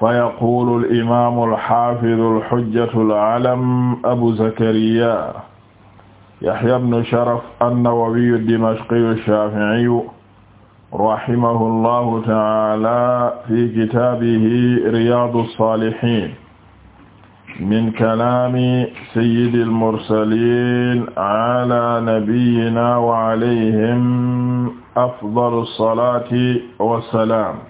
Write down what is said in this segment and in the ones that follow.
fa yaqulu alimamu alxafidu alxujjatu alalam abu zakariya yaxya bnu sharaf annawawiyu dimashqiyu shafiiyu rahimahu allahu taala fi kitaabihi riyaadu saalihiin min kalaami sayyidi almursaliin ala nabiyyina wa alayhim afdalu salaati wa salaam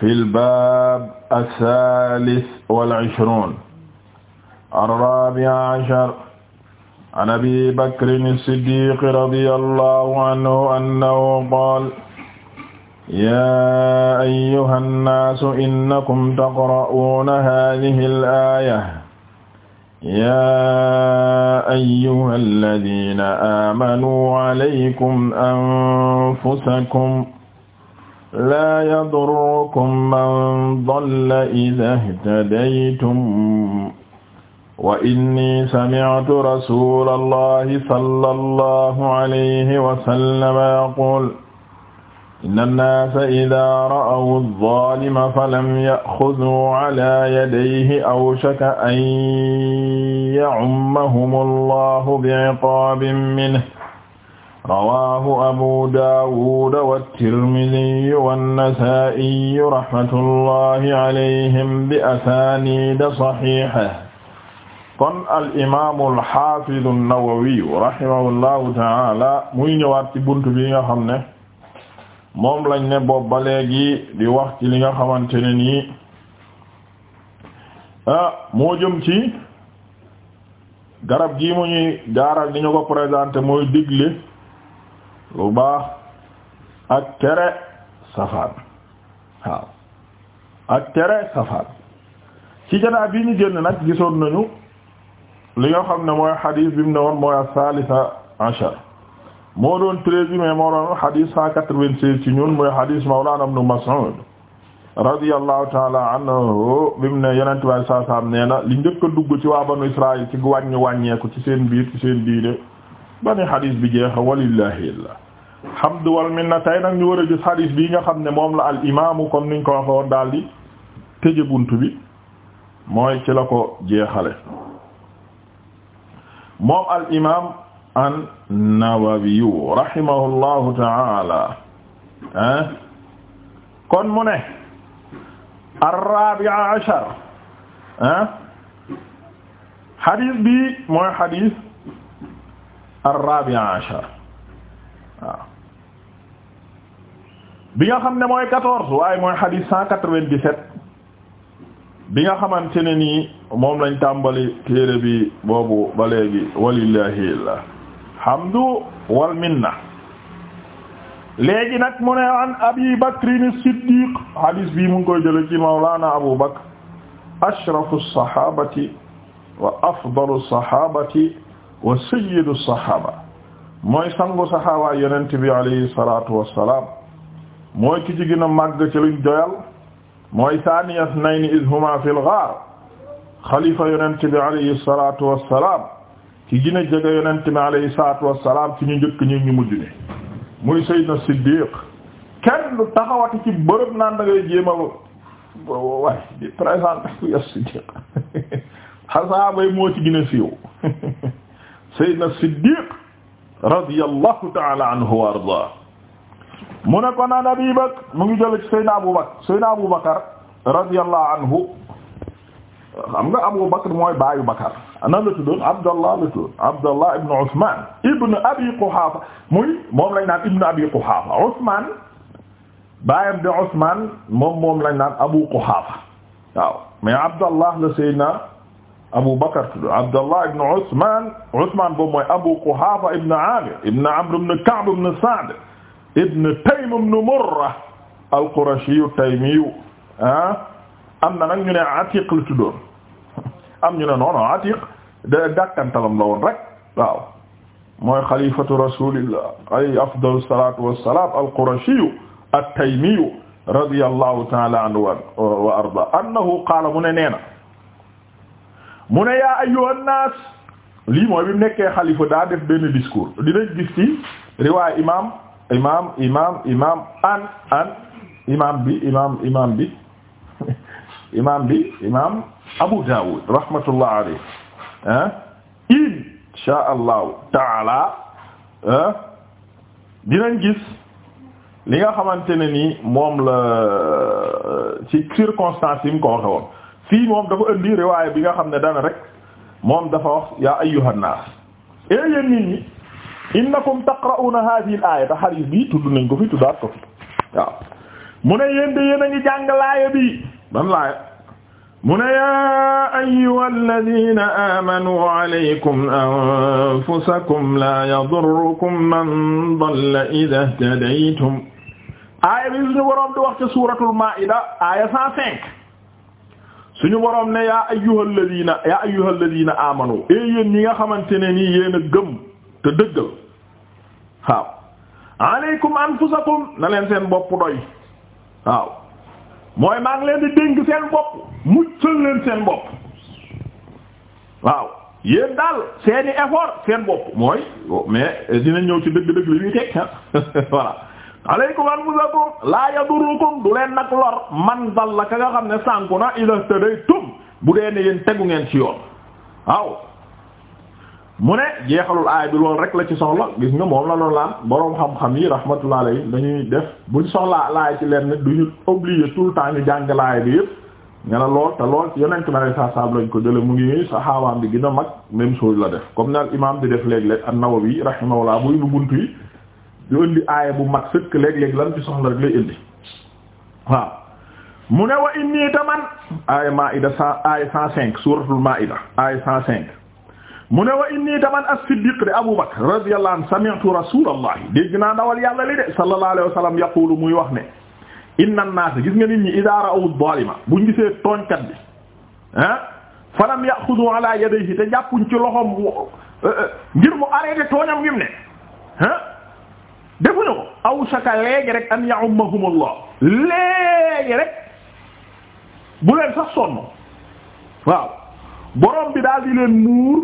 fil baab as-saalis wal ishruun ar-raabi' ashar an abi bakrin as-siddiq radiyallahu anhu annahu qaala yaa ayyuhan naasu innakum taqra'uuna haadihil aaya yaa ayyuhal ladiina aamanuu alaykum anfusakum laa yadurrukum man dalla idaa ihtadaytum wa inni sami'tu rasuulallahi sallallahu alayhi wa sallam yaquul inna nnaasa idaa ra'aw az-zaalima falam ya'khudhuu 'alaa yadayhi awshaka an ya'ummahumullahu bi'iqaabin minhu rawaahu abu daawud wa tirmidi wa nasaa'i rahmatullahi alayhim bi asaaniid saxiixa kon al imaamu al xaafidu nawawi rahimahullahu taala muy ñëwaat ci buntu bi nga xam ne moom lañ ne boobu ba léegi di wax ci li nga xamante ne nii moo jëm ci garab gii mu ñuy jaaral ni ñu ko présenté mooy digle. lu baax ak tere safaan waaw ak tere safaan ci janaa bi ñu génn nag gisoon nañu li nga xam ne mooy xadiis bi mu ne woon mooy as-salisa ashar moo doon treize mais moo doon xadiis cent quatre-vingt-seize ci ñun mooy xadiis mawlana ibn Mas'ud radiyallahu taala anhu bi mu ne yenent waay saa saam nee na li njëkk a dugg ci waa banu Israël ci wàññi wàññeeku ci seen biir ci seen diine ba ni xadis bi jeex walillahi alhamdu wal minna tey nag ñu a gis xadis bii nga xam ne moom la al imaamu comme niñ ko waxoon daal di tëje bunt bi mooy ci la ko jeexale moom al imaam an-Nawawi rahimahullahu ta'ala ah kon mu ne ar-rabi'a ashar ah xadis bi mooy xadis ar-rabi' ashar waaw bi nga xam ne mooy quatorze waaye mooy hadith cent quatre-vingt-dix-sept bi nga xamante ne nii moom lañ tàmbali téere bi boobu ba léegi walillahi alhamdu wal minna léegi nag mu ne an abi bakrin siddiq hadith bi mu ngi koy jële ci mawlana abu bakr ashrafu sahabati wa afdalu sahabati wa sayyidu saxaaba mooy sangu saxaaba yonent bi alayhi salaatu wassalaam mooy ki ci gën a màgg ci luñ doyal mooy thaniya isnayni iz huma fil ghaar xalifa yonent bi alayhi salaatu wassalaam ki gën a jege yonent bi alayhi salaatu wassalaam ci ñu njëkk ñi ñu mujj ne muy sayyidna Siddiq ci bërëb naan da ngay jéem a waay di présenté ya Siddiq xasaabay moo ci gën Seydina Siddiq radiyallahu ta'ala anhu wa ardaa mu ne ko naan Abi Bakr mu ngi jël ci Seydina Abu Bakr Seydina Abu Bakr radiyallahu anhu xam nga Abu Bakr mooy baayu Bakar nan la tuddoon Abdallah la tuddoon Abdallah ibn Usman ibn Abi Quhafa muy moom lañ naan ibn Abi Quhafa Usman baayam de Usman moom moom lañ naan Abu Quhafa waaw mais Abdallah la Seydina Abu Bakr Abdallah ibn Ousmane Ousmane boobu mooy Abu Quhafa ibn Amir ibn Amr ibn Ka'b ibn Sa'd ibn Taym ibn Murra al-Qurashi at-Taymi ah am na nag ñu ne Atiq la tuddoon am ñu ne non non Atiq da dàkkantalam la woon rek waaw mooy xalifatu rasulillah ay afdalu salatu wassalam al-Qurashi at-Taymi radiyallahu ta'ala anhu wa arda annahu qaala mu ne nee na mu ne yaa ayyuhan naas lii mooy bi mu nekkee xalifa daa def benn discours dinañ gis ci riwaay imaam imaam imaam imaam an an imaam bi imaam bi imaam bi imaam Abu Dawud rahmatullah alayhi ah insha allahu taala ah gis li nga xamante ne ni moom la ci circonstance yi mu ko waxe fii moom dafa indi riwaaya bi nga xam ne dana rek moom dafa wax yaa ayyuhan naas e yéen nit ñi innakum taqra'una hadhihi al-aaya te xaris bi tudd nañ ko fi tuddaat ko fi waaw mu ne yéen de yéen a ngi jàng laaya bi ban laaya mu ne yaa ayyuhal ladina amanu alaykum anfusakum la yadurrukum man dalla idha ihtadaytum aaya bi suñu boroom di wax ca suuratul maa'ida aaya 105 suñu boroom ne yaa ayyuhal ladina yaa ayyuhal ladina amanu e eh yéen ñi nga xamante ne nii yéen a gëm te dëggal waaw aleykum anfusakum na leen seen bopp doy waaw mooy maa leen di dénk seen bopp muccal leen seen bopp waaw yéen daal seeni effort seen bopp mooy mais dina ñëw ci dëgg-dëgg li ñuy teg ah alaykum an musakum laa yadurukum du leen nag lor man la ka nga xam ne sànku na ila tadaytum bu dee ne yéen tegu ngeen ci yoon waaw mu ne jeexalul aay bi loolu rek la ci soxla gis nga moom la doon laan boroom xam-xam yi rahmatullah alayhi dañuy def buñ soxlaa laay ci leen ne duñu obligé tout le temps ñu jàng laay bi yëpp nga ne lool te lool ci yonent ma ne saa saab lañ ko jële mu ngi saxaabaam bi gën a mag même chose la def comme ne al imam di def léeg-léeg an-Nawawi rahimahullah buy bu buntu yi ñu indi aaya bu mat sëkk léeg-léeg lan ci soxla rek lay indi waaw mu ne wa inni taman aaya maida cent aaya cent cinq suratul maida aaya cent cinq mu ne wa inni taman as-siddiq de abu bakr radiyallahu anhu sami'tu rasulallahi dégg naa dawal yàlla li de sallallahu alayhi wa sallam muy wax ne inna an-nas gis nga nit ñi idha ra'u adh-dhalima buñ gisee tooñkat bi ah falam ya'khudhu ala yadayhi te jàppuñ ci loxom euh, euh, ngir mu arrêté tooñam gi ne ah defuñu ko aw saka léegi rek an ya'ummahumullah léegi rek bu leen sax sonn waaw borom bi daal di leen muur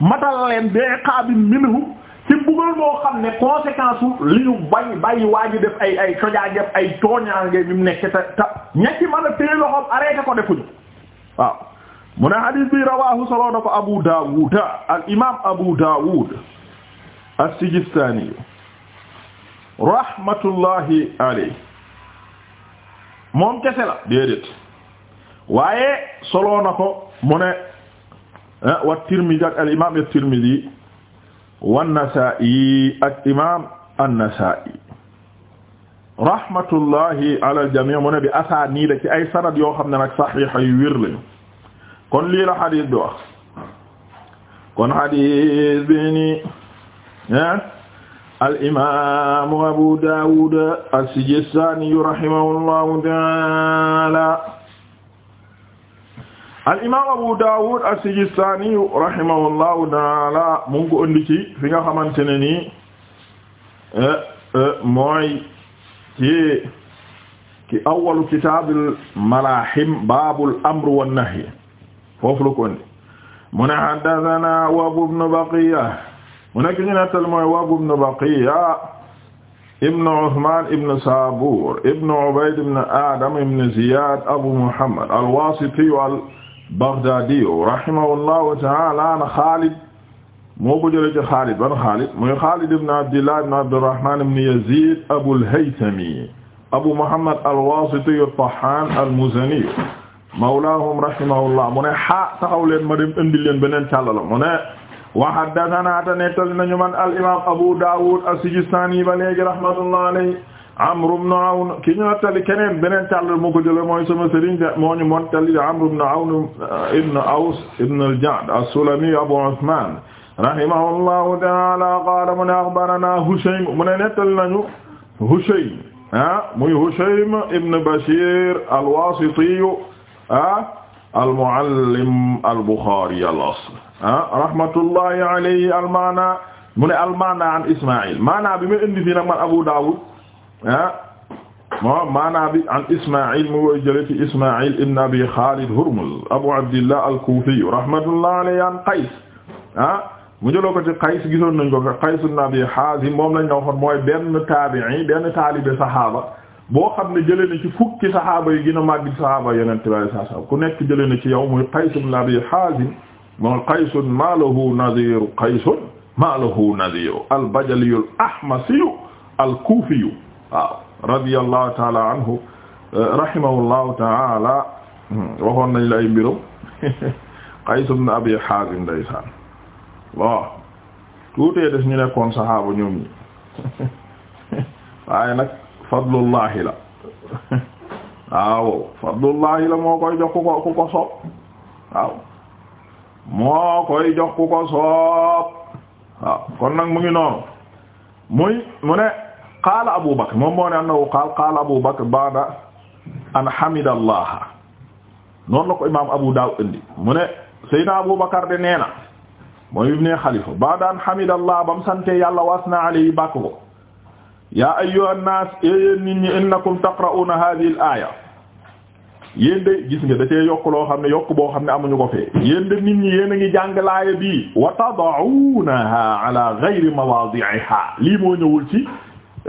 matal leen bi iqaabin minhu ci mbugal moo xam ne conséquence u li ñu bay bàyyi waa def ay ay ay tooñaange bi mu nekk te te ñetti mën a téye loxoom arrêté ko defuñu waaw mu ne hadith bi rawahu solo ko Abu Dawud al imam Abu Dawud as-Sijistani rahmatullahi alayhi moom kese la déedéet waaye soloo na ko mu ne eh, wa Tirmidhi ak al imam at-Tirmidhi wa an-Nasa'i ak imam an-Nasa'i rahmatullahi ala al-jami' mu ne bi asaaniida ci ay sanad yoo xam ne nag saxiixa yu wér lañu kon lii la xadiis bi wax kon xadiis bi ni eh, al imaamu Abu Daawud as-Sijistaani rahimahullahu ta'aala al imaam Abu Daawud as-Sijistaani rahimahullahu ta'aala mu ngi ko indi ci fi nga xamante ne nii eh, eh, mooy ci ci awwalu kitaabil malaahim baabul amri wan nahyi foofu la ko indi mu ne haddathanaa Wahb ibn Baqiyya mu nekk ñu nettal mooy Wahb ibn Baqiya ibn Uthman ibn Sabur ibn Ubayd ibn Adam ibn Ziyad Abu Muhammad al-Wasiti al-Baghdadi rahimahullahu ta'ala an Khalid moo ko jëlee ci Khalid ban Khalid mooy Khalid ibn Abdillah ibn Abdurrahman ibn Yazid Abu al-Haythami Abu Muhammad al-Wasiti at-Tahan al-Muzani mawlahum rahimahullah mu ne xaa taxaw leen ma dem indi leen beneen càllala mu ne wa haddathana ta nettali nañu man al imam Abu Dawud as-Sijistani ba léegi rahmatullah alayhi Amr ibn Awn ki ñu nettali keneen beneen tàll mu ko jëlee mooy sama sëriñ moo ñu montali Amr ibn Awn ibn Aws ibn al-Ja'd as-Sulami Abu Uthman rahimahullahu ta'ala qala mu ne akhbarana Hushaym mu ne nettali nañu Hushaym ah muy Hushaym ibn Bashir al-Wasiti ah al-Muallim al-Bukhari al-asl ah rahmatullahi alayhi al-maana mu ne al-maana an Ismaïl maana bi ma indi fii nag man Abu Dawud ah moom maana bi an Ismaïl mu ngi jëlee ci Ismaïl ibn Abi Khalid Hurmuz Abu Abdillah al-Kufi rahmatullahi alayhi an Qays ah mu jëloo ko ci Qays gisoon nañ ko Qays ibn Abi Hazim moom lañ la waxoon mooy benn taabi'i benn taalibe saxaaba boo xam ne jëlee na ci fukki saxaaba yi gën a màgg saxaaba yonent bi sallallahu alayhi ku nekk jëlee ci yow muy Qays ibn Abi Hazim mooy Qaysun ma lahu nadhiru Qaysun ma al-Bajali ahmasi al-Kufi waaw ta'ala anhu rahimahullahu ta'ala waxoon nañ lay ay mbiram Qays ibn Abi Hazim ndeysaan waaw tuutee des ñu nekkoon saxaaba ñoom ñi fadlullahi la waaw la moo koy jox ko ku moo koy jox ko soob kon nag mu ngi noonu muy mu ne qaala Abu Bakr moom moo ne annahu qaala qaala Abu Bakr ba'da an hamidallaha noonu la ko imaam Abu Daawud indi mu ne Seydina Abu Bakr de nee mooy ibn xalifa ba'da an hamidallaha bam sante yàlla wa asna alayhi yaa ayyuha an-naas yéen nit ñi innakum taqra'una hadhihi al-aaya yéen de gis nga da cee yokk loo xam ne yokk boo xam ne amuñu ko fee yéen de nit ñi yéen a ngi jàng laaya bii wa tada'uunaha ala ghayri mawaadi'iha lii moo ñëwul ci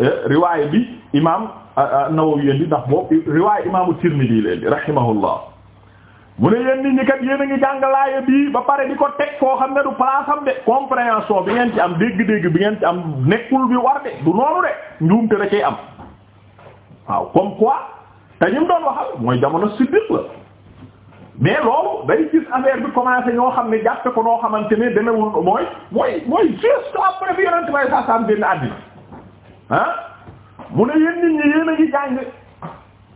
eh, riwaaya bi imaam ah, ah, Nawawi leen di ndax boobu riwaaya imaamu Tirmidi leen di rahimahullah mu ne yéen nit ñi kat yéen a ngi jàng laaya bii ba pare di ko teg foo xam ne du place am de compréhension bi ngeen ci am dégg-dégg bi ngeen ci am nekkul bi war de du noonu de njuumte da cay am waaw comme quoi te doon waxal mooy jamono siddiq la mais loolu day gis bi commencé ñoo xam ne jàppe ko noo xamante ne demewul mooy mooy mooy juste après bi yonent bay sa sam génn àddina ah mu ne yéen nit ñi yéen ngi jàng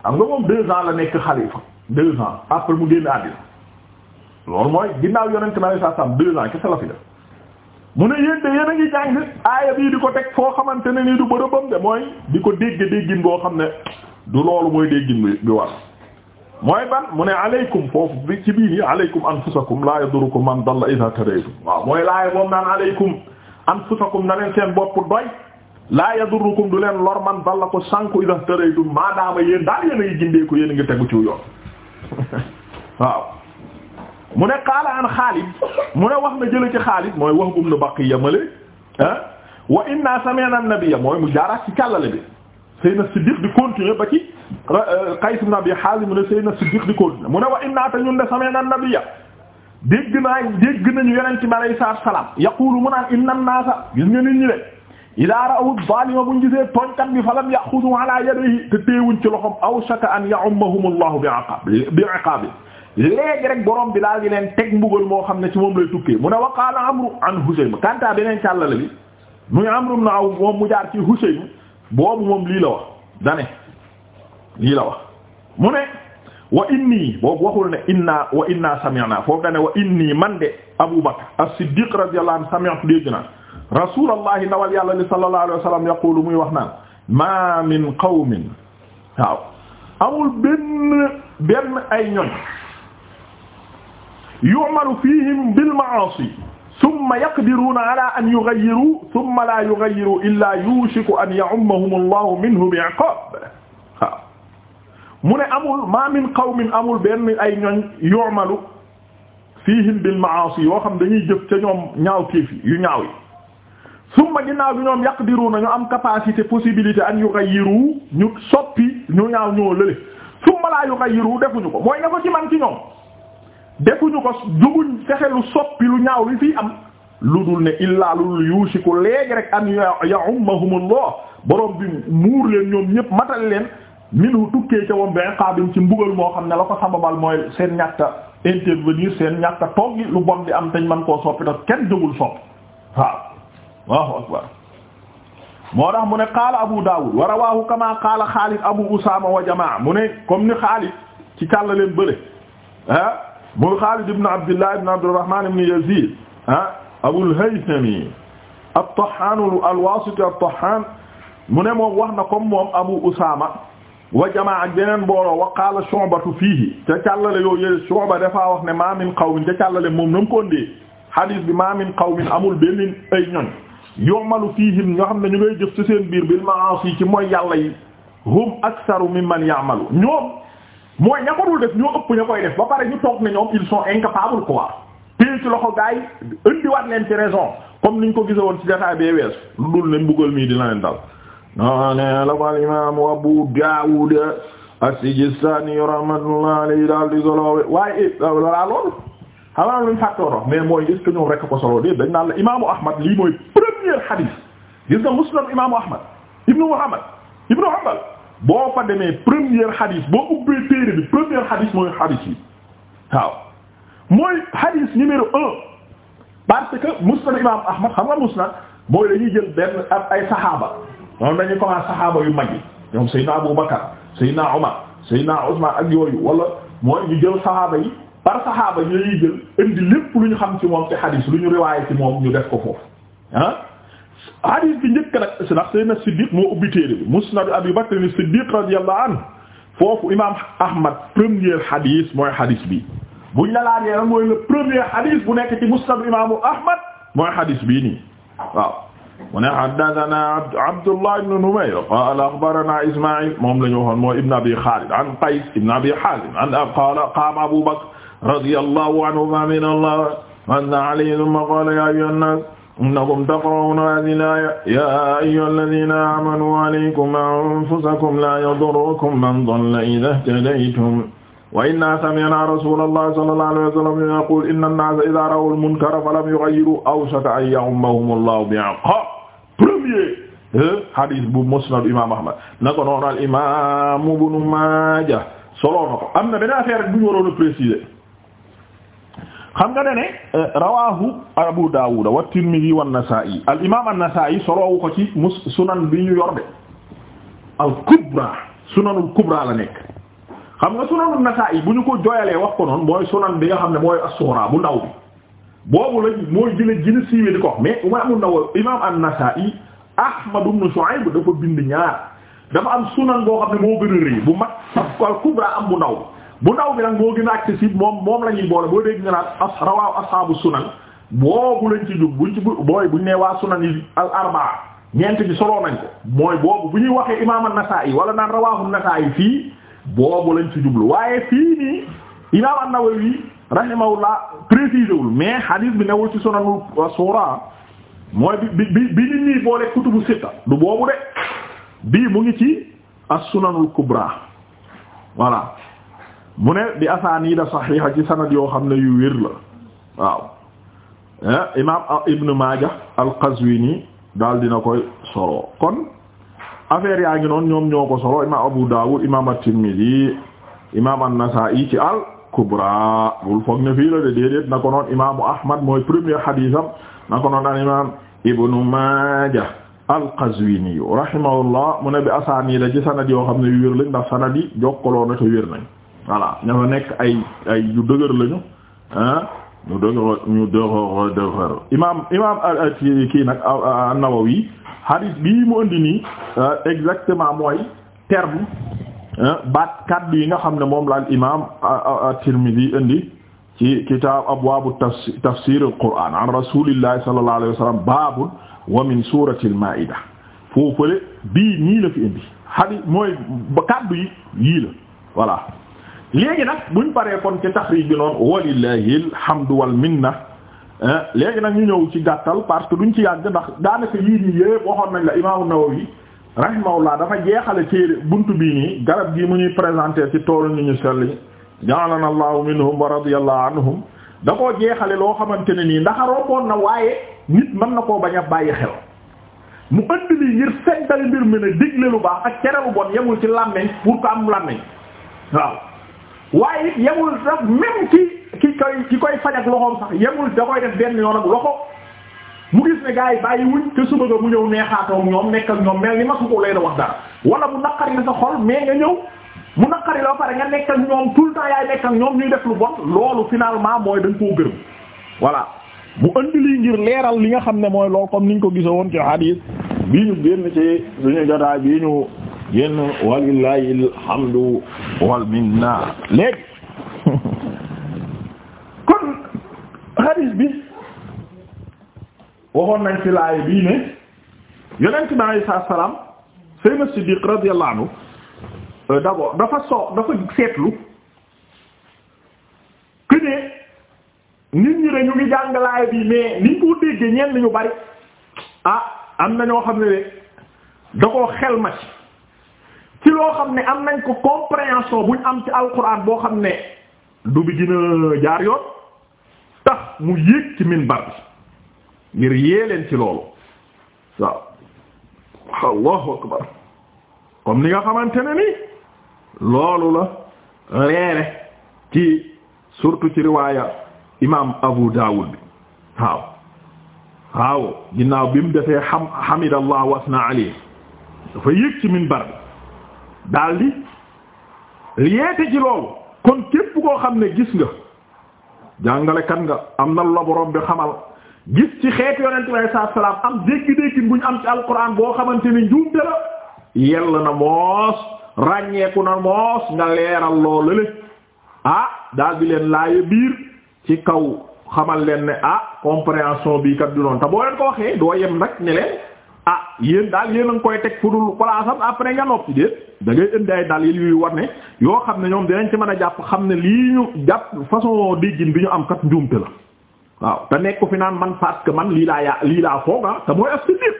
am nga moom deux ans la nekk xalifa deux ans après mu génn àddina loolu mooy ginnaaw yonent ma saa sam deux ans kese la fi def mu ne yéen de yéen a ngi jàng aaya bii di ko teg foo xamante ne nii du bërëbam de mooy di ko dégg déggin boo xam ne du loolu mooy déggin bi bi war mooy ban mu ne aleykum foofu bi ci biir yi aleykum anfusakum laa yadurukum man dalla idha tadaytum waaw mooy laaya moom naan aleykum anfusakum na leen seen bopp doy laa yadurukum du leen lor man la ko sànku idha tadaytum maadaama yéen daal yéen yéen a tegu ci yoon waaw mu ne qaala an Xaalid mu ne wax na jële ci Xaalid mooy wax bum na Baqiya male ah wa inna sami'na an-nabiyya mooy mu jaaraat ci càllale bi Seydina Siddiq di continuer ba ci euh, Qays ibn Abi Hazim mu ne Seydina Siddiq di continuer mu ne wa inna te ñun de sami'na an-nabiyya dégg naa dégg nañu yonent bi alayhi salaam yaqulu mu naan inna an-naasa gis nga nit ñi de idaa ra'aw zaalima buñ gisee tooñkat bi falam ya'xudu ala yadihi te teewuñ ci loxom awshaka an ya'ummahum Allahu bi'iqaabihi léegi rek boroom bi daal di leen teg mbugal moo xam ne ci moom lay tukkee mu ne wa amru an Husaym kanta beneen càllale bi muy amru na aw moom mu jaar ci Husaym boobu moom lii la wax dane lii la wax mu ne wa innii boobu waxul ne inna wa inna sami'na foofu dane wa innii man de Abu Bakr as-Siddiq radiyallahu anhu sami'tu dégg naa rasulallahi ndawal yàlla li sallallahu alayhi wa sallam yaqulu muy wax naan ma min qawmin waaw amul benn benn ay ñoñ yu'malu fihim bil ma'asi summa yaqdiruuna ala an yughayyiru summa la yughayyiru illa yushiku an ya'ummahum allahu minhu bi'iqab waaw mu ne amul ma min qawmin amul benn ay ñoñ yu'malu fihim bil ma'asi yoo xam dañuy jëf ca ñoom ñaaw kiif yi yu ñaaw yi summa ginnaaw bi ñoom yaqdiruuna ñu am capacité possibilité an yughayyiru ñu soppi ñu ñaaw ñoo lële summa la yughayyiru defuñu ko mooy nga ko ci man ci ñoom defuñu ko juguñ fexe lu soppi lu ñaaw li fii am lu dul ne illaa lu yuusiku léegi rek an ya'ummahumullah borom bi muur leen ñoom ñëpp matal leen minhu tukkee ca woon bi iqaabin ci mbugal moo xam ne la ko sababal mooy seen ñàkka intervenir seen ñàkka toggi lu bon di am tañ man koo soppi tax kenn jógul sopp waaw waaw akbar moo tax mu ne qaala abu daawud wa rawaahu kama qaala xaalid abu usaama wa jamaa mu ne comme ni xaalid ci kàllaleen bële ah muy Xaalid ibn Abdullah ibn Abdurrahman ibn Yazid ah Abul Haythami at-Tahan al-Wasiti at-Tahan mu ne moom wax na comme moom Abu Usama wa jamaa ak beneen booloo wa qaala Shu'batu fiihi ca càllale yow yële Shu'ba dafaa wax ne ma min qawmin ca càllale moom na mu ko ndee hadis bi ma min qawmin amul benn ay ñoñ yu'malu fiihim ñoo xam ne ñu ngay jëf ci seen biir bil ma'aasi ci mooy yàlla yi hum aktharu mimman ya'malu ñoom mooy ña ko dul def ñoo ëpp ña koy def ba pare ñu toog ne ñoom ils sont incapables quoi téye ci loxo gaay indiwaat leen ci raison comme ñu ko gisewoon ci jotaay bee wees lu dul ne mbugal mii dina leen dal no la ko al imam Abu Dawud as-Sijistani rahmatullah alayhi daal di solowe waaye walaa eh, loolu xamaa luñ fàttorox mais mooy est ñoom rekk ko solo dé dañ naan la imaamu Ahmad lii mooy premier hadith gis nga imaamu Ahmad ibnu Muhammad boo fa demee première xadis boo ubbee téere bi première xadis mooy xadis yi waaw mooy xadis numéro un parce que musnad imam ahmad xam nga musnad mooy dañuy jël benn ak ay saxaaba ñoom dañuy commencé saxaaba yu mag yi ñoom Seydina Abu Bakar Seydina Omar Seydina Ousmane ak yooyu wala mooy ñu jël saxaaba yi par saxaaba ñooy jël indi lépp lu ñu xam ci moom ci xadis lu ñu riwaayé ci moom ñu def ko foofu ah. hadith bi njëkk nag si ndax Seydina Siddiq moo ubbi téere bi Musnad Abi Bakr Siddiq radiyallahu anhu foofu imaam Ahmad premier hadith mooy hadith bi buñ la laajee nag mooy le premier hadith bu nekk ci Musnad imaamu Ahmad mooy hadith bii nii waaw. mu ne haddathana Abdullah ibn Numayr qala akhbarana Isma'il moom la ñu waxoon mooy Ibn Abi Khalid an Qays ibn Abi Hazim an qala qama Abu Bakr radiyallahu anhu innakum taqra'una hadhihi al-aaya yaa ayyuhalladhiina aamanuu alaykum anfusakum laa yadurrukum man dalla idhaa ihtadaytum wa inna sami'naa rasuulallahi sallallahu alayhi wa sallam yaquulu inna an-naasa idhaa ra'aw al-munkara falam yughayyiruu awshaka an ya'ummahumullaahu bi'iqaab premier hadith bu musnad imaam Ahmad na ko noonu al imaam Ibnu Maaja solo na ko am na benn affaire bu ñu waroon a préciser xam nga ne ne euh, rawahu Abu Dawud wa Tirmidhi wa Nasa'i al imam an-Nasa'i soloowu ko ci mus sunan bi ñu yor de sunanul kubra la nekk xam nga sunanul Nasa'i bu ñu ko jooyalee wax ko noonu mooy sunan bi nga xam ne mooy as-sughra bu ndaw bi boobu la mooy jële jële siiwee di ko wax mais imam an-Nawawi imam an-Nasa'i Ahmad ibn Shu'ayb dafa bind ñaar dafa am sunan boo xam ne moo gën a rëy bu mag al am bu ndaw bu ndaw bi nag moo gën a accessible moom moom la ñuy boole boo dégg nga naan as rawaaw ashaabu sunan boobu lañ ci jub buñ ci booy buñ nee waa sunan yi al arbaa ñeent bi soloo nañ ko mooy boobu bu ñuy waxee imaam an i wala naan rawaahu an-Nasaa'i fii boobu lañ ci jublu waaye fii nii imaam an-Nawawi rahimahullah précisé wul mais hadith bi newul ci sunanul suura mooy bi bi bi nit ñi boole kutubu sitta du boobu de bii mu ngi ci as-sunanul kubra mu ne bi asaaniida saxiixa ci sanad yoo xam ne yu wér la waaw eh, imaam ibn Maaja al-Qazwini daal dina koy solo kon affaire yaa ngi noonu ñoom ko solo imaam Abu Dawud imaam at-Tirmidhi imaam an-Nasa'i ci al-Kubra bul foog ne fii la de déedéet na ko noon imaamu Ahmad mooy premier xadiisam na ko noon al imaam ibn Maaja al-Qazwini rahimahullah mu ne bi asaaniida ci sanad yoo xam ne yu wér lañ ndax sanad yi jokkaloo na te voilà ña fa nekk ay ay yu dëgër lañu ah ñu dëgër ñu dëgër kii nag An-Nawawi hadith bii mu indi nii ah, exactement mooy terme ah, baat kaddu yi nga xam ne moom la al imaam At-Tirmidhi ah, indi ci kitaab tafsir al-Qur'aan an rasuulillahi sallallahu alayhi wa min suurati al-Maa'ida foofule bii nii la fi indi hadith mooy yi yii la voilà. léegi nag buñ paree kon ci taxriij bi noonu walillahi alhamdu wal minna léegi nag ñu ñëw ci gàttal parce que duñ ci yàgg ndax daanaka yii nii yëpp waxoon nañ la imaamu Nawawi rahimahullah dafa jeexale ci bunt bii nii garab gi mu ñuy présenter ci toolu ñu ñu selli ja'alana allahu minhum wa radiyallahu anhum da koo jeexale loo xamante ne nii ndax romboon na waaye nit mën na koo bañ a bàyyi xel mu ënd lii ngir seddal mbir mi ne digle lu baax ak tere lu bon yemul ci làmmeñ pour que am làmmeñ waaw waaye it yemul sax même ki ki koy ki koy faj loxoom sax yemul da koy def benn yoon ak loxo mu gis ne gars yi bàyyi wuñ te suba nga mu ñëw neexaatoo ak ñoom nekk ak ñoom mel ni ma su lay leen wax dara wala mu naqari la sa xol mais nga ñëw mu naqari la pare nga nekk ak ñoom tout le temps yaay nekk ak ñoom ñuy def lu bon loolu finalement mooy dañ koo gërëm voilà mu andi lii ngir leeral li nga xam ne mooy lool comme niñ ko gisoo woon ci hadith bii ñu génn ci suñu jotaay bii ñu génn walillahi alhamdu wal minna léegi kon hadith bi waxoon nañ ci laay bii ne yonent bi alayhi salaam sayyidina Siddiq radiyallahu anhu euh, d'abord dafa soo dafa seetlu que ne nit ñi dañu ngi jàng laay bi mais niñ ko déggee ñenn ñu bari ah am na ñoo xam ne da koo xel ma ci ci loo xam ne am nañ ko compréhension buñ am ci alquran boo xam ne du bi gën jaar yoon tax mu yéeg ci minbar bi ngir yee leen ci loolu waaw allahu akbar comme ni nga xamante ne ni loolu la reere ci surtout ci riwaaya imam Abu Dawud bi waaw ginnaaw bi mu defee xam hamidallah wasna alayhi dafa yéeg ci minbar bi daal di yeete ci loolu kon képp koo xam ne gis nga jàngalekat nga am na lu la bi xamal gis ci xeet yonent bi saa salaam am dégg-dégg buñ am ci alquran boo xamante ni njuumte la yell na moos ràññeeku na moos nga leeral loolu le ah daal leen laaye biir ci kaw xamal leen ne ah compréhension bi kat du noonu te boo leen ko waxee doo yem nag ne leen. ah yéen daal yéen a ngi koy teg fu dul place après nga noppi déet da ngay indi ay war ne yoo xam ne ñoom dinañ ci mën a jàpp xam ne lii ñu jàpp façon déggin bi ñu am kat njuumte la waaw te nekku fi naan man parce que man lii laa yaa lii laa fooga ah, te mooy as-Siddiq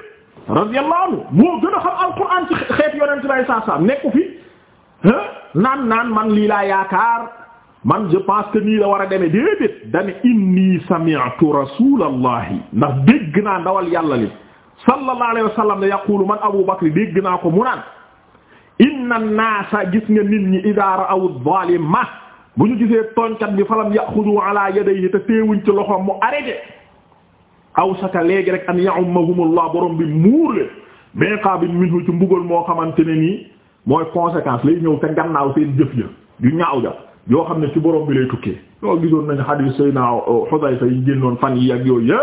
radiyallahu anhu moo gën a xam alquran ci xeet yonent bay saa saa nekku fi naan naan man lii laa yaakaar man je pense que nii la war a demee déedéet dane inni sami'tu rasulallahi ndax dégg naa ndawal yàlla li sallallahu alayhi wa sallam ne yaqulu man Abu Bakr dégg naa ko mu naan inna naasa gis nga nit ñi idaa ra'aw ma bu ñu gisee tooñkat bi falam yaxudu ala yadayhi te teewuñ ci loxoom mu arrêté aw saka léegi rek an ya'ummahumullah borom bi muur leen miqaabin minhu ci mbugal moo xamante ne nii mooy conséquence lay ñëw te gannaaw seen jëf ja yu ñaaw ja yoo xam ne ci borom bi lay tukkee. yoo gisoon nañu xadiis Seydina Xudayfa yi génnoon fan yi ak yooyu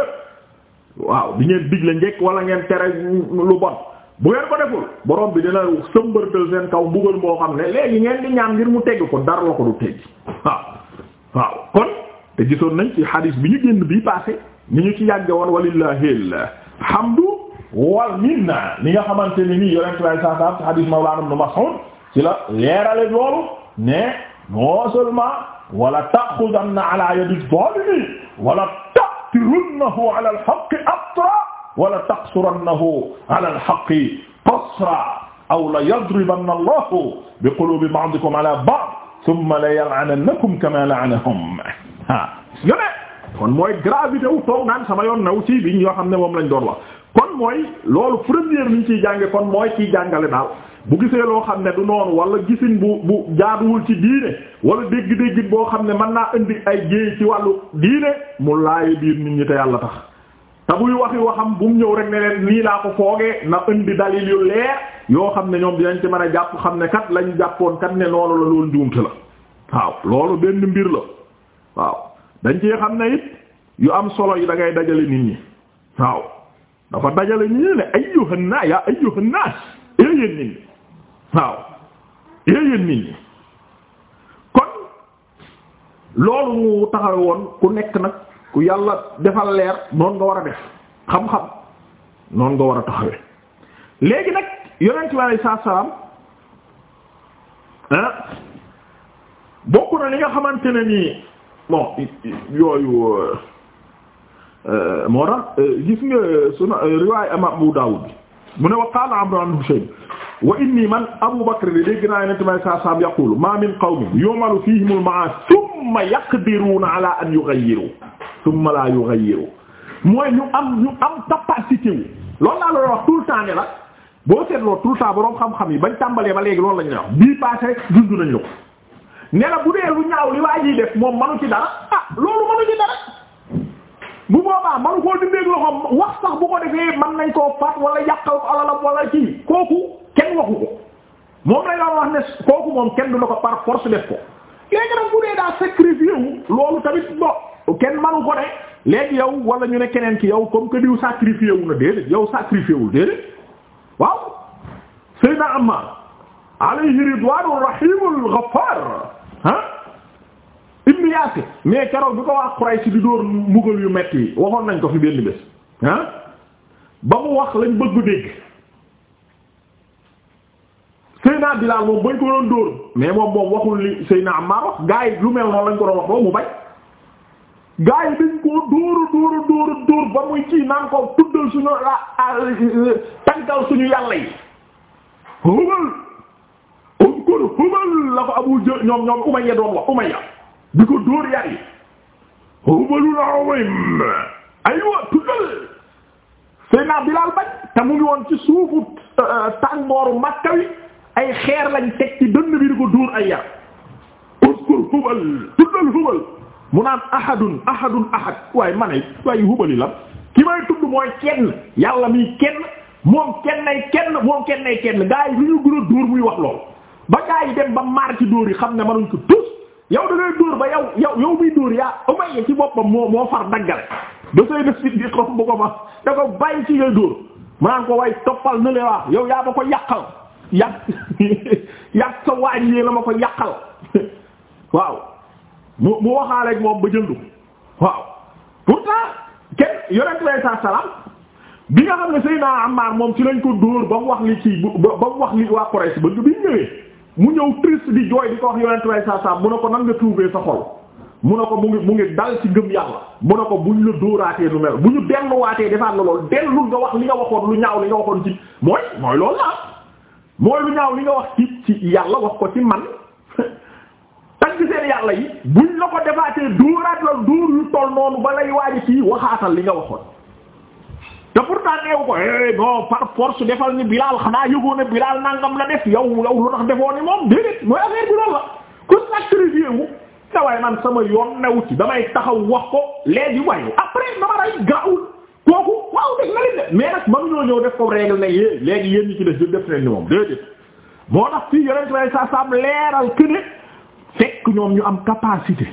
waaw di ngeen digle njekk wala ngeen tere lu bon bu ngeen ko deful borom bi dina sëmbërtal seen kaw mbugal moo xam ne léegi ngeen di ñaan ngir mu tegg ko dara la ko du tegg waaw waaw kon te gisoon nañ ci hadis bi ñu génn bii passé ni ñu ci yàgge woon walillahil hamdu wal minna li nga xamante ni nii yonent lay saa saa ci hadis mawlana ibn Mas'ud ci la leerale loolu ne non seulement wala ta'khudanna ala yadi zalimi wala ta'tirannahu ala al-haqqi atra wa la taqsurannahu ala al-haqqi qasra aw la yadribanna Allahu bi qulubi ba'dikum ala ba'd thumma la yal'anannakum kama la'anahum kon mooy gravité wu toog naan sama yoon naw ci biñ yoo xam ne moom lañ doon wax kon mooy loolu première liñ ciy jànge kon mooy ciy jàngale daal bu gisee loo xam ne du noonu wala gisin bu bu jaaduwul ci diine wala dégg-déggit boo xam ne mën naa indi ay jéey ci wàllu diine mu laayi biir nit ñi te yàlla tax te buy waxi waxam bu ñëw rek ne leen nii laa ko foogee na indi dalil yu leer yoo xam ne ñoom dinañ ci mën a jàpp xam ne kat lañ jàppoon kat ne noonu la loolu njuumte la waaw loolu benn mbir la waaw dañ ci xam ne it yu am solo yi dangay dajale nit ñi waaw dafa dajale nit ne ayyuhan waaw yéen nit ñi kon loolu mu taxawe woon ku nekk nag ku yàlla defal leer noonu nga war a def xam-xam noonu nga war a taxawe léegi nag yonent ah, bokk na li nga xamante ne nii bon yooyu euh, euh, moo tax euh, gis nga sunu riwaay Abu Dawud bi mu ne wa qaala Amru ibn Hushaym waa inni man Abu Bakr de dégg naa yonente may saa saam yaqulu ma min qawmin yu'malu fihim al-ma'asi thumma yaqdiruna ala an yughayyiru ñu am ñu am capacité wu loolu wax tout le temps la boo seetloo tout le temps boroom xam-xam yi bañ tàmbalee ba léegi loolu la ñu wax bii passé rek dund nañu ko ne la bu dee lu ñaaw li waa ji def moom manu ci dara ah loolu manu ci dara bu boobaa manu koo dindéeg loxoom wax sax bu ko defee mën nañ koo faat wala yàqal alalam wala ci kooku kenn waxu ko moom la nga wax ne kooku moom kenn du na ko par force def ko léegi nag bu dee daa sacrifice wu loolu tamit bo kenn manu ko de léegi yow walla ñu ne keneen ki yow comme que diw sacrifice wu na déedéet yow sacrifice wul déedéet waaw Seydina Ammar alayhi ridwaanu rahimul ghaffar ah ibnu Yaasir mais bi ko wax Quraysh di dóor mbugal yu metti waxoon nañ ko fi benn bés ah ba mu wax lañ bëgg dégg Seyna Bilaal moom bañ ko doon dóor mais moom moom waxul li Seyna Ammaar wax gaa yi lu mel noonu lañ ko doon wax ba mu bañ gaa yi koo dóoru dóoru dóoru dóor ba muy kii naan ko tuddal suñu la tànkal suñu yàlla yi Hubal unkul Hubal la ko Abu Jahl ñoom ñoom Umayya doon wax Umayya di ko dóor yar yi Hubalul Umaym aywa tuddal Seyna Bilaal bañ te mu ngi woon ci suufu euh, tàngooru Makka wi ay xeer lañ teg ci dënn bi di ko dóor ay yar uskur hubal tuddal hubal mu naan ahadun ahadun ahad waaye ma ne waaye hubali la ki may tudd mooy kenn yàlla mi kenn moom kenn nay kenn moom kenn kenn gaa yi lu ñu gën dóor muy wax lool ba gaa yi dem ba maar ci dóor yi xam ne mënuñ ko tus yow da ngay dóor ba yaw yow yow muy dóor yaa umayya ci boppam moo moo far daggale da say na sit di bu ko ma da ko bàyyi ci ngay dóor mu naan ko way toppal na le yow yaa ko yàqal yàq yàq sa waañ yi la ma ko yàqal waaw mu mu waxaaleeg moom ba jëndu waaw pourtant kenn yonent lay sa salaam bi nga xam ne Seydina Ammar moom ci lañ ko dóor ba mu wax li ci ba mu wax li waa Quraysh ba bi ñëwee mu ñëw triste di jooy di ko wax yonent sa salaam mu ne ko nan nga trouver sa xol mu ne ko mu ngi mu ngi dal ci gëm yàlla mu ne ko buñ la dóoraatee lu mel bu ñu delluwaatee defaat la loolu dellul nga wax li nga waxoon lu ñaaw li nga waxoon ci mooy mooy lu ñaaw li nga wax ci ci yàlla wax ko ci man tagg seen yàlla yi buñ la ko defaatee duuraat la duur yu toll noonu ba lay waaji ci waxaatal li nga waxoon te pourtant neew ko eh non par force defal ni Bilal xanaa yëgoo ne Bilal nangam la def yow yow lu tax defoo ni moom déedéet mooy affaire bi loolu la ku sacrifié wu te waaye man sama yoon new ci damay taxaw wax ko léegi wayu après dama ray gaawul kooku waaw def na leen de mais nag mënuñoo ñëw def ko règle ne yé léegi yéen ñi ci def def leen ni moom déedéet moo tax fii yonent lay sa sam leeral que fekk ñoom ñu am capacité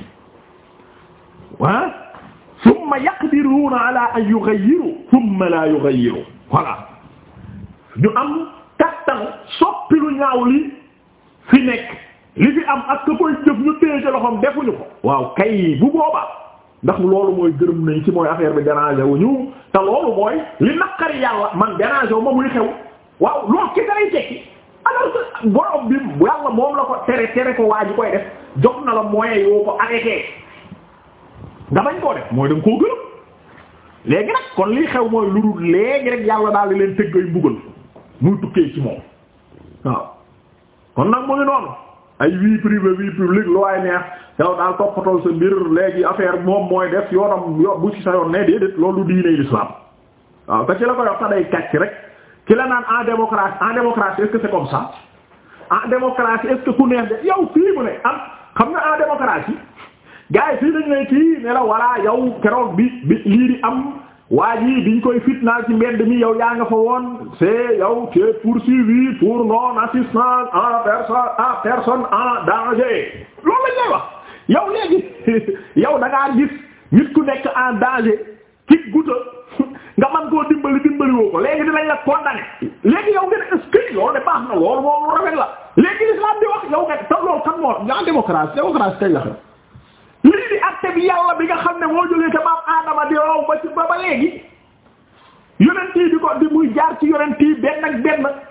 ah summa yaqdiruna ala an yughayyiru summa la yughayyiru voilà ñu am kattan soppi lu ñaaw li fi nekk li fi am ak ka koy jëf ñu téye ci loxoom defuñu ko waaw kay bu boobaa ndax loolu mooy gërëm nañ ci mooy affaire bi déranger wu ñu te loolu mooy li naqari yàlla man déranger wu ma muy xew waaw loolu ki daray tekki alors que bi yàlla moom la ko tere tere ko waa koy def jox na la moyen yoo ko arrêté nga bañ koo def mooy da koo gërëm léegi nag kon lii xew mooy lu dul léegi rek yàlla daal di leen tëggay mbugal muy tukkee ci moom waaw kon nag mu ngi noonu ay vie privée vie publique lu waay neex yow daal toppatoo sa mbir léegi affaire moom mooy def yoonam yo bu ci sa yoon ne déedéet loolu diine l'islam waaw te ci la ko yox ta day kàcc rek ki naan en démocratie en démocratie est-ce que c'est comme ça en démocratie est-ce que ku neex de yow fii mu ne am ah, xam nga en démocratie gars yi fii dañu ne kii ne la voilà bi bi lii di waa ji biñ koy fitnaal ci mbedd mi yow yaa nga fa woon c'est yow tu es poursuivi pour non assistance en personne en personne en danger loolu lañ lay wax yow léegi yow gis ku nekk en danger ci guta nga mën koo dimbali dimbali woo ko léegi dinañ la condamné léegi yow nga ne est-ce que baax na loolu moom lu rafet la léegi l'islam di wax yow nga te loolu kan moo la démocratie démocratie tey la lii di acte bi yàlla bi nga xam ne moo jógee ca maam Adama di raw ba ci ba ba léegi yonent yi ko di muy jaar ci yonent yi benn ak benn.